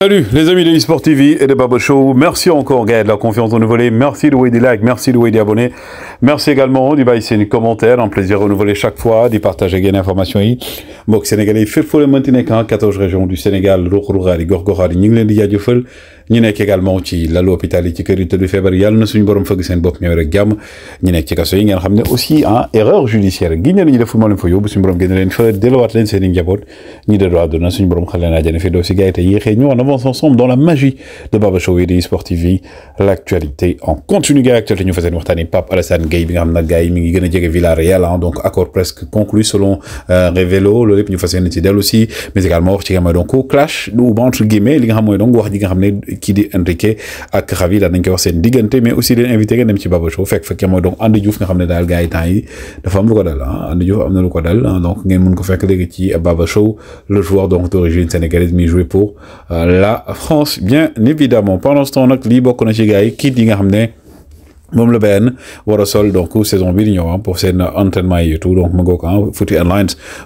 Salut les amis de eSport TV et de Babo Show. Merci encore Gaël de la confiance renouvelée. Merci de louer des likes, merci de louer des abonnés. Merci également de baisser c'est une commentaire. Un plaisir renouvelé chaque fois, de partager des informations. Bok Sénégalais, fait pour le maintenir 14 régions du Sénégal, Roura, les Gorgora, les Ninglendi, ñu nekk également ci lalu hôpital yi ci kër yi tëdd feebar yàlla na suñu borom fëgg seen bopp ñëw rek jàmm ñu nekk ci kaso yi ngeen xam ne aussi ah erreur judiciaire gi ñu ñi deful moo leen fa yóbbu suñu borom génn leen fa delluwaat leen seen i njaboot ñu dellu na suñu borom xale leen àjjana fi doo si gars yi te ñu en avance ensemble dans la magie de Baba Show et de Esport TV l'actualité en continu gars actualité ñu fa seen waxtaan yi Pape Alassane Gueye bi nga xam ne gars yi mi ngi gën a jege Villarreal ah donc accord presque conclu selon euh, Révélo loolu yëpp ñu fa seen ci dellu aussi mais également wax ci nga donc clash ou entre guillemets li nga xam mooy donc wax ji nga xam ne qui di Enrique ak Xavi daan nañ koy wax mais aussi leen invité ngeen dem ci Baba Show fekk fekkee donc Andy Diouf nga xamné dal gaay tan yi dafa am lu ko dal ah Andy Diouf am na lu ko dal ah, donc ngeen mun ko fekk léegi ci Baba Show le joueur donc d'origine sénégalaise mi joué pour euh, la France bien évidemment pendant ce temps nak li bokk na ci gaay yi yi nga xamné mom la sol donc saison bi ah, pour sen entraînement et tout donc ah,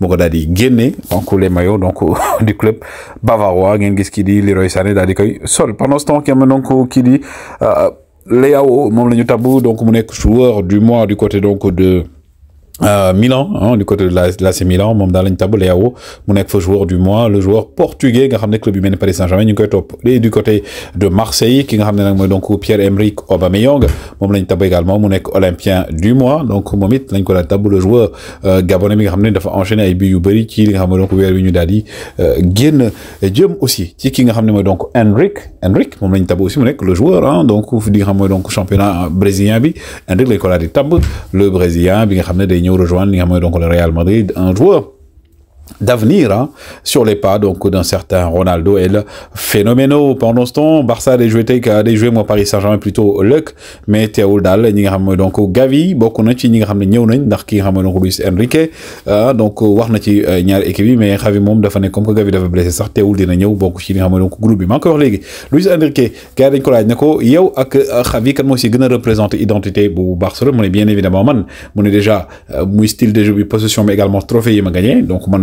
donc les maillots donc du club bavarois di Leroy sol pendant ce temps donc euh, Leao la tabou donc du mois du côté donc de. Euh, Milan hein, du côté de l'AC Milan moom daal lañ tabb Leao mon nekk fa joueur du mois le joueur portugais nga xamné ne club yu Paris Saint-Germain ñu koy top et du côté de Marseille ki nga xamné donc Pierre-Emerick Aubameyang mom lañ table également mon nekk olympien du mois donc momit it lañ ko la tabb le joueur euh, gabonais mi nga xamné ne dafa enchaîné ay buts yu ci li nga xamné donc weer wi ñu daal di euh, génn jëm aussi ci ki nga xamné ne donc Henrique Henrique mom lañ tabb aussi mon nekk le joueur hein, donc di nga xam donc championnat brésilien bi Henrique lañ ko daal di le brésilien bi nga xamné nous rejoindre donc le Real Madrid. Un joueur d'avenir hein, sur les pas donc d'un certain Ronaldo El Fenomeno. Pendant ce temps, Barça a joué a joué moi Paris Saint-Germain plutôt Luck, mais teewul daal ñi nga xam donc Gavi bokk na ci ñi nga xam ne ñëw nañ ndax ki nga donc Luis Enrique euh, donc wax na ci euh, ñaari équipe mais Gavi Mom dafa ne comme que Gavi dafa blessé sax teewul dina ñëw bokk ci li nga xam donc groupe bi maa ngi wax léegi Luis Enrique gars yi dañ ko yow ak Gavi euh, kan moo si gën a identité bu Barcelone mais bien évidemment man mon ne déjà muy style de jeu bi possession mais également trophée yi ma gagné donc man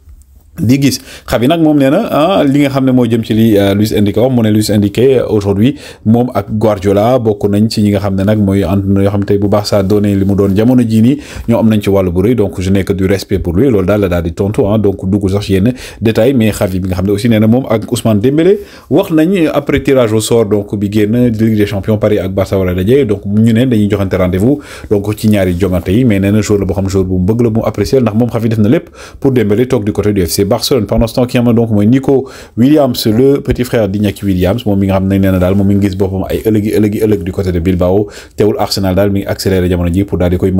di gis Xavi nak mom neena na ah, li nga xamne mo jëm ci li euh, Luis Enrique mo ne Luis Enrique aujourd'hui mom ak Guardiola bokku nañ ci ñi nga xamne nak moy mooy entraîneur yoo xam tay bu baax sa donné li mu doon jamono ji ni ñoo am nañ ci walu bu reuy donc je n'ai que du respect pour lui lool daal la daal di tonto ah donc duggu sax yenn détail mais Xavi bi nga xamne aussi neena mom ak Ousmane Dembélé wax nañ après tirage au sort donc bi génn Ligue des champions Paris ak Barça wala a donc ñu ne dañuy joxante rendez-vous donc ci ñaari jongante yi mais neena na jour la boo xam jour bu mu bëgg la bu mu apprécier nak mom Xavi def na lepp pour Dembélé tok du côté du FC Barcelona Barcelone pendant ce temps qui y donc Nico Williams le petit frère d'Iñaki Williams Mon mi nga xam du côté de Bilbao teewul Arsenal mi accéléré pour donner di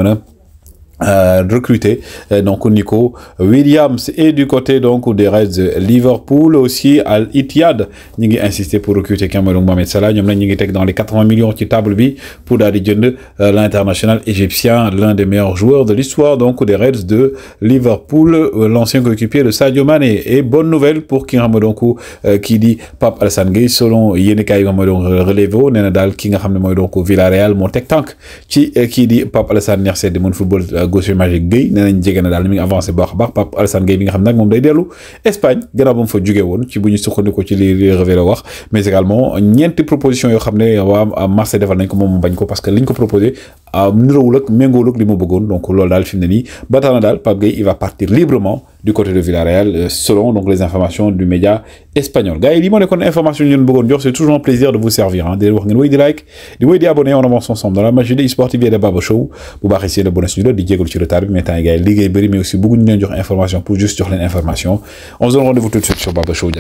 euh, recruté donc Nico Williams et du côté donc des Reds de Liverpool aussi Al Ittihad n'y ngi insister pour recruter Cameroun Mohamed Salah ñoom dans les 80 millions qui table bi pour daal de euh, l'international égyptien l'un des meilleurs joueurs de l'histoire donc des Reds de Liverpool euh, l'ancien coéquipier de Sadio Mane. et bonne nouvelle pour King euh, qui dit Pape Alassane Gueye selon yéeni donc Relevo donc Villarreal qui Pape Alassane de mon football Gauthier Magic gay nee nañ na mi ngi avancé par par les Alassane gay bi nga xam nak mom day delu Espagne gannaaw ba mu fa jóge won ci buñu ci li wax mais également ñent proposition yo xam wa marché Marseille nañ ko mom ko parce que liñ ko proposé euh, niroowul ak méngoowul ak li donc loolu daal fi mu ne nii ba il va partir librement du côté de Villarreal euh, selon donc les informations du média espagnol gars yi lii moo nekkoon information ñu bëggoon jox c'est toujours un plaisir de vous servir ah di wax like di abonné on avance ensemble dans la magie de eSport TV et de Baba Show bu baax essayé d'abonné suñu la di jégalu ci retard bi mais temps yi gars yi mais aussi beaucoup leen jox information pour juste jox leen information on se donne rendez-vous tout de suite sur Baba Show